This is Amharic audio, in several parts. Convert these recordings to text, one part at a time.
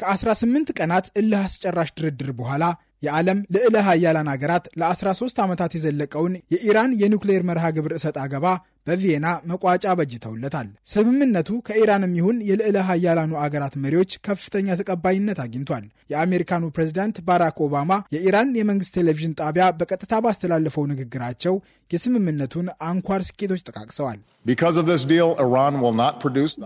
ከ18 ቀናት እልህ አስጨራሽ ድርድር በኋላ የዓለም ልዕለ ሀያላን አገራት ለ13 ዓመታት የዘለቀውን የኢራን የኒውክሌር መርሃ ግብር እሰጥ አገባ በቪየና መቋጫ በጅተውለታል። ስምምነቱ ከኢራንም ይሁን የልዕለ ሀያላኑ አገራት መሪዎች ከፍተኛ ተቀባይነት አግኝቷል። የአሜሪካኑ ፕሬዚዳንት ባራክ ኦባማ የኢራን የመንግስት ቴሌቪዥን ጣቢያ በቀጥታ ባስተላለፈው ንግግራቸው የስምምነቱን አንኳር ስኬቶች ጠቃቅሰዋል።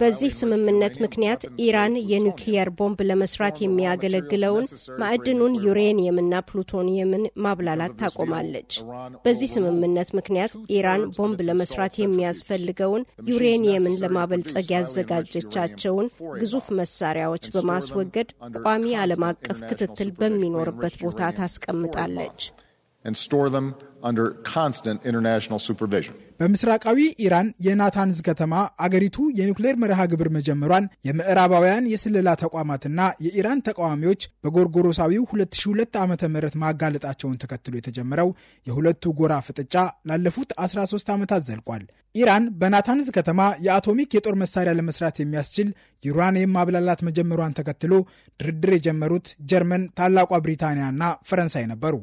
በዚህ ስምምነት ምክንያት ኢራን የኒውክሊየር ቦምብ ለመስራት የሚያገለግለውን ማዕድኑን ዩሬኒየምና ፕሉቶኒየምን ማብላላት ታቆማለች። በዚህ ስምምነት ምክንያት ኢራን ቦምብ ለመስራት የሚያስፈልገውን ዩሬኒየምን ለማበልጸግ ያዘጋጀቻቸውን ግዙፍ መሳሪያዎች በማስወገድ ቋሚ ዓለም አቀፍ ክትትል በሚኖርበት ቦታ ታስቀምጣለች። under constant international supervision. በምስራቃዊ ኢራን የናታንዝ ከተማ አገሪቱ የኒውክሌር መርሃ ግብር መጀመሯን የምዕራባውያን የስለላ ተቋማትና የኢራን ተቃዋሚዎች በጎርጎሮሳዊው 2002 ዓ ም ማጋለጣቸውን ተከትሎ የተጀመረው የሁለቱ ጎራ ፍጥጫ ላለፉት 13 ዓመታት ዘልቋል። ኢራን በናታንዝ ከተማ የአቶሚክ የጦር መሳሪያ ለመስራት የሚያስችል ዩራኒየም ማብላላት መጀመሯን ተከትሎ ድርድር የጀመሩት ጀርመን፣ ታላቋ ብሪታንያና ፈረንሳይ ነበሩ።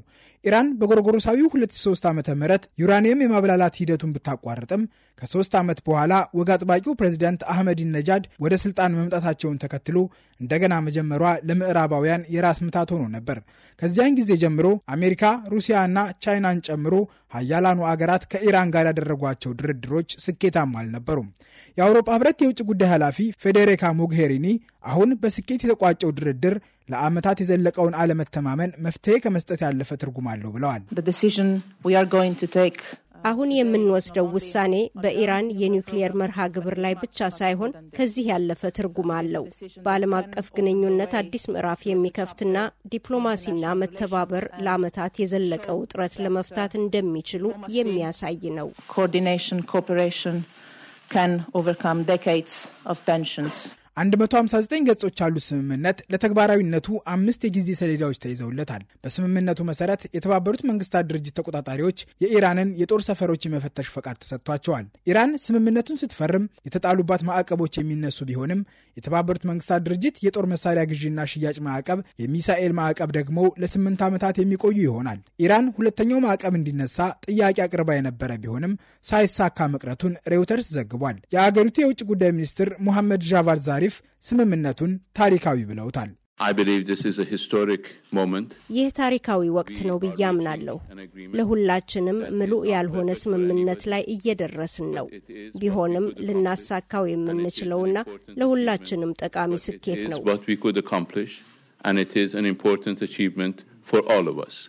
ኢራን በጎርጎሮሳዊው 2003 ዓ ም ዩራኒየም የማብላላት ሂደቱን ብታቋርጥም ከሶስት ዓመት በኋላ ወግ አጥባቂው ፕሬዚዳንት አህመዲን ነጃድ ወደ ስልጣን መምጣታቸውን ተከትሎ እንደገና መጀመሯ ለምዕራባውያን የራስ ምታት ሆኖ ነበር። ከዚያን ጊዜ ጀምሮ አሜሪካ፣ ሩሲያና ቻይናን ጨምሮ ሀያላኑ አገራት ከኢራን ጋር ያደረጓቸው ድርድሮች ድርድሮች ስኬታማ አልነበሩም። የአውሮፓ ህብረት የውጭ ጉዳይ ኃላፊ ፌዴሪካ ሞግሄሪኒ አሁን በስኬት የተቋጨው ድርድር ለዓመታት የዘለቀውን አለመተማመን መፍትሄ ከመስጠት ያለፈ ትርጉም አለው ብለዋል። አሁን የምንወስደው ውሳኔ በኢራን የኒውክሊየር መርሃ ግብር ላይ ብቻ ሳይሆን ከዚህ ያለፈ ትርጉም አለው። በዓለም አቀፍ ግንኙነት አዲስ ምዕራፍ የሚከፍትና ዲፕሎማሲና መተባበር ለዓመታት የዘለቀ ውጥረት ለመፍታት እንደሚችሉ የሚያሳይ ነው። ኮኦርዲኔሽን ኮኦፐሬሽን ካን ኦቨርካም ዴኬድስ ኦፍ ቴንሽንስ 159 ገጾች ያሉት ስምምነት ለተግባራዊነቱ አምስት የጊዜ ሰሌዳዎች ተይዘውለታል። በስምምነቱ መሰረት የተባበሩት መንግስታት ድርጅት ተቆጣጣሪዎች የኢራንን የጦር ሰፈሮች የመፈተሽ ፈቃድ ተሰጥቷቸዋል። ኢራን ስምምነቱን ስትፈርም የተጣሉባት ማዕቀቦች የሚነሱ ቢሆንም የተባበሩት መንግስታት ድርጅት የጦር መሳሪያ ግዢና ሽያጭ ማዕቀብ፣ የሚሳኤል ማዕቀብ ደግሞ ለስምንት ዓመታት የሚቆዩ ይሆናል። ኢራን ሁለተኛው ማዕቀብ እንዲነሳ ጥያቄ አቅርባ የነበረ ቢሆንም ሳይሳካ መቅረቱን ሬውተርስ ዘግቧል። የአገሪቱ የውጭ ጉዳይ ሚኒስትር ሙሐመድ ዣቫድ ዛሪ ሸሪፍ ስምምነቱን ታሪካዊ ብለውታል። ይህ ታሪካዊ ወቅት ነው ብዬ አምናለሁ። ለሁላችንም ምሉእ ያልሆነ ስምምነት ላይ እየደረስን ነው። ቢሆንም ልናሳካው የምንችለውና ለሁላችንም ጠቃሚ ስኬት ነው።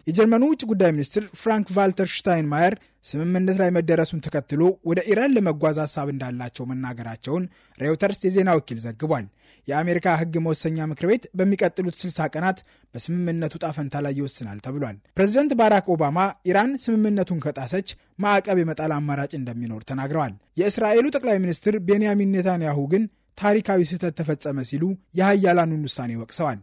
የጀርመኑ ውጭ ጉዳይ ሚኒስትር ፍራንክ ቫልተር ሽታይንማየር ስምምነት ላይ መደረሱን ተከትሎ ወደ ኢራን ለመጓዝ ሀሳብ እንዳላቸው መናገራቸውን ሬውተርስ የዜና ወኪል ዘግቧል። የአሜሪካ ሕግ መወሰኛ ምክር ቤት በሚቀጥሉት 60 ቀናት በስምምነቱ ጣፈንታ ላይ ይወስናል ተብሏል። ፕሬዚደንት ባራክ ኦባማ ኢራን ስምምነቱን ከጣሰች ማዕቀብ የመጣል አማራጭ እንደሚኖር ተናግረዋል። የእስራኤሉ ጠቅላይ ሚኒስትር ቤንያሚን ኔታንያሁ ግን ታሪካዊ ስህተት ተፈጸመ ሲሉ የሀያላኑን ውሳኔ ወቅሰዋል።